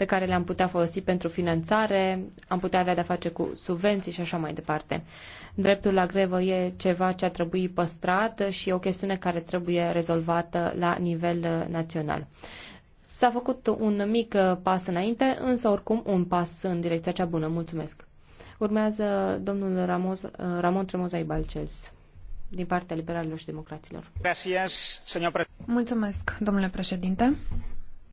pe care le-am putea folosi pentru finanțare, am putea avea de-a face cu subvenții și așa mai departe. Dreptul la grevă e ceva ce a trebuit păstrat și e o chestiune care trebuie rezolvată la nivel uh, național. S-a făcut un mic uh, pas înainte, însă oricum un pas în direcția cea bună. Mulțumesc. Urmează domnul Ramos, uh, Ramon Tremoza Ibalcels din partea liberalilor și democraților. Mulțumesc, domnule președinte.